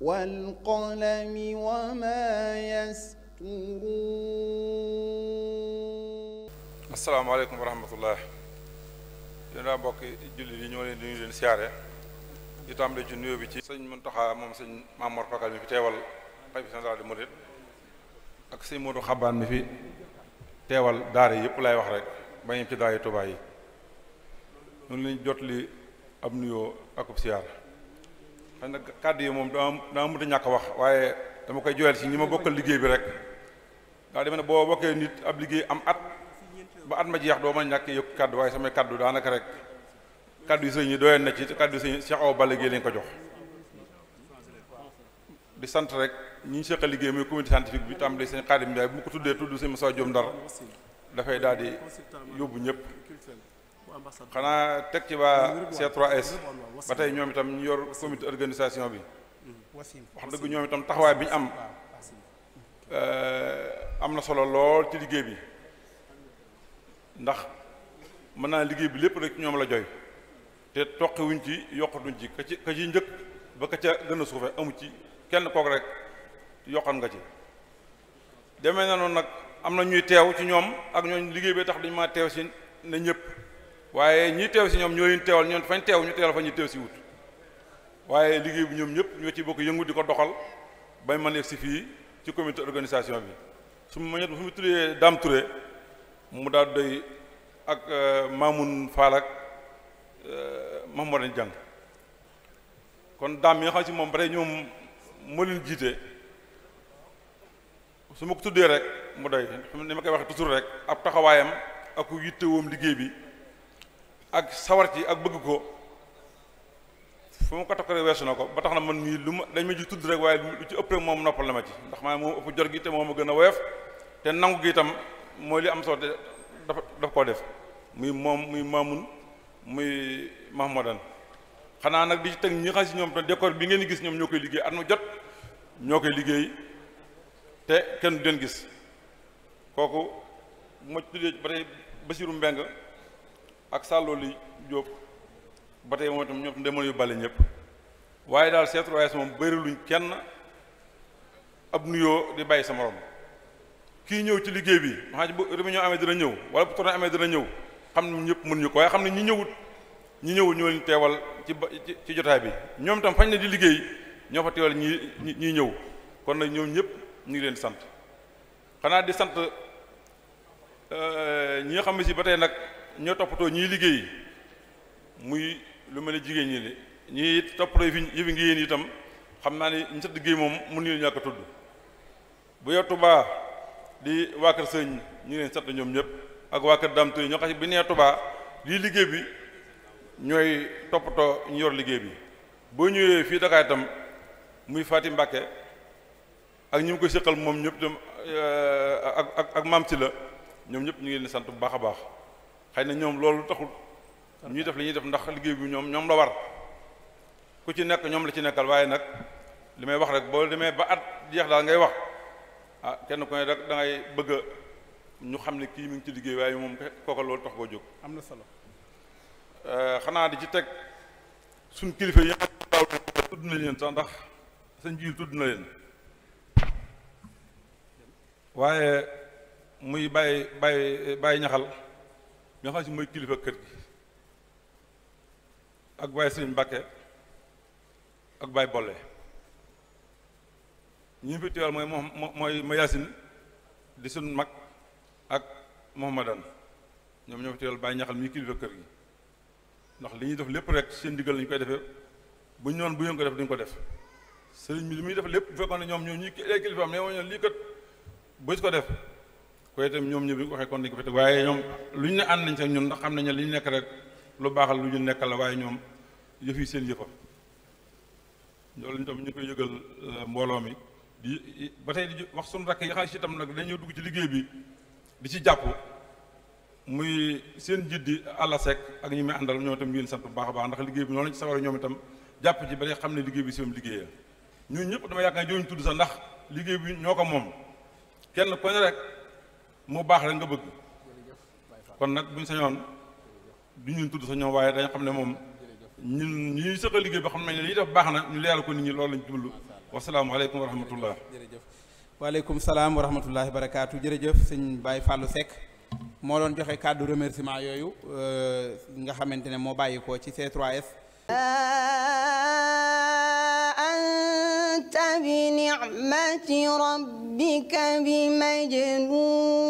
والقلم وما يسطرون asalaamaaleykum wa rahmatullah dinaa mbokk jullit yi ñoo leen di leen siyaare di tàmbale ci nuyoo bi ci sëñ Muntaxa moom sëñ Maamoor Pakal mi fi teewal xalifa général des mourides ak sëñ Moodu Xabaan mi fi teewal daara yëpp lay wax rek bañu ci daara Tuubaa yi ñu leen jot li ab nuyoo akub siyaar xëy na kàddu yi moom dama dama mënut a ñàkk wax waaye dama koy joyal si ñi ma bokk liggéey bi rek daa demee ne boo bokkee nit ab liggéey am at ba at ma jeex doo ma ñàkk yëpp kàddu waaye samay kàddu daanaka rek kàddu yi sëñ yi doyoon na ci kàddu yi sëñ Cheikh Awa Balla Gueye lañ ko jox di sant rek ñi ñu seqal liggéey muy comité scientifique bi tàmbali sëñ Xaadim Ndiaye bu ma ko tuddee tudd sëñ Moussa Diom Ndar dafay daal di yóbbu ñëpp xanaa teg ci waa c 3 ba tey ñoom itam ñu yor comité organisation bi mm-hmm. wax dëgg ñoom itam taxawaay bi ñu am euh, am na solo lool ci liggéey bi ndax mën naa liggéey bi lépp rek ñoom la joy te toqi ci yokkatuñ ci ka ci ka ci njëkk ba ka ca gën a suufe amu ci kenn kook rek yokkan nga ci demee na noonu nag am na ñuy teew ci ñoom ak ñooñu liggéey bi tax dañu maa teew si ne ñëpp waaye ñii teew si ñoom ñoo leen teewal ñoom fañ teew ñu teewal fa ñu teew si wut waaye liggéey bi ñoom ñëpp ñoo ci bokk yëngu di ko doxal bañ mën a si fii ci comité organisation bi su ma ñëw su ma tuddee Dame Touré mu daal doy ak euh, Mamoun Fall ak euh, Mahmoud jàng kon Dame yi nga xam si moom ba tey ñoom moo leen jiite su ma ko tuddee rek mu doy ni ma koy waxee toujours rek ab taxawaayam ak ku yittewoom liggéey bi. ak sawar ci ak bëgg ko fu mu ko weesu na ko ba tax na man mii lu ma dañ ma ji tudd rek waaye lu ci ëpp rek moom noppal la ma ci ndax maa moom ëpp jor gi te moom gën a woyof te nangu gi itam li am soo te dafa koo def muy moom muy Mamoun muy Mahmoudane xanaa nag di ci teg ñi xam si ñoom te décor bi ngeen gis ñoom ñoo koy liggéey at mu jot ñoo koy liggéey te kenn du leen gis kooku bu ma tuddee ba tey Basiru Mbeng ak sàlloo li jóob ba tey moom itam ñoom demoon yu bale ñëpp waaye daal C3S moom luñ kenn ab nuyoo di bàyyi sama morom kii ñëw ci liggéey bi ma xam bu réunion amee dina ñëw wala bu tournée amee dina ñëw xam ne ñëpp mënuñu ko waaye xam ne ñi ñëwut ñu ñëwut ñoo leen teewal ci ci jotaay bi ñoom itam fañ ne di liggéey ñoo fa teewal ñi ñi ñëw kon nag ñoom ñëpp ñu leen sant xanaa di sant euh, ñi nga xam ne si ba tey nag. ñoo toppatoo ñiy liggéey muy lu mel ne jigéen ñi de ñi toppatoo yëfi ngi yéen itam xam naa ni ñu sa liggéey moom mën ñu ñàkk tudd bu yow Touba di waa sëñ ñu ngi leen sant ñoom ñëpp ak waa kër bi nee Touba lii liggéey bi ñooy toppatoo ñu liggéey bi boo ñëwee fii Dakar itam muy Fatim Mbàkke ak ñi mu koy séqal moom ñëpp itam euh, ak ak ak maam ci la ñoom ñëpp ñu ngi leen sant bu baax a baax xëy ñoom loolu taxul ñuy def li ñuy def ndax liggéey bi ñoom ñoom la war ku ci nekk ñoom la ci nekkal waaye nag li may wax rek boo demee ba at jeex daal ngay wax ah kenn ku ne bëgg ñu xam ne kii mi ngi ci liggéey waaye moom kooka loolu tax koo am na solo eh, xanaa di ci teg suñ kilifa yi daaw tudd na leen sax ndax sa njiil tudd na leen waaye muy bàyyi bàyyi bàyyi ñaxal. ñoo si mooy kilifa kër gi ak Baye Serigne Mbacké ak Baye Bolle ñi fi teewal mooy mooy Mayasin di suñ mag ak Mohamadan ñoom ñoo fi teewal Baye ñaxal mi kilifa kër gi ndox li ñuy def lépp rek seen diggal lañu koy defee bu ñu noon bu ñu ko def duñu ko def sëriñ bi li muy def lépp bu fekkoon ne ñoom ñoo ñuy ay kilifa am ne moo ñoon lii kat bu ko def ko itam ñoom ñu bi waxee kon dañ ko waaye ñoom lu ñu ne ànd nañ sa ñun ndax xam nañ ne ñu nekk rek lu baaxal lu ñu nekkal la waaye ñoom yëf yi seen yëfa loolu tam ñu koy yëgal euh, mbooloo mi di ba tey di wax suñu rakk yi xaalis itam nag dañoo dugg ci liggéey bi di ci jàpp muy seen jiddi àlla sek ak ñi muy àndal ñoom itam ngeen sant bu baax a baax ndax liggéey bi noonu lañ ci ñoom itam jàpp ci ba xam ne liggéey bi seen liggéey ñun ñëpp dama yaakaar ne jooñu tudd sax ndax liggéey bi ñoo ko moom kenn ko rek moo baax rek nga bëgg kon nag buñ sañoon bu ñun tudd sa ñoom waaye dañ xam ne moom ñun ñuy sëqa liggéey ba xam nañ ne li def baax na ñu leeral ko nit ñi loolu lañ jublu wasalaamualeykum wa rahmatullah jërëjëf waaleykum salaam wa rahmatullahi barakaatu jërëjëf sëñ Baye Fallou Seck moo doon joxe kàddu remerciement yooyu euh, nga xamante ne moo bàyyi ci C3S anta bi ni'mati rabbika bi majnun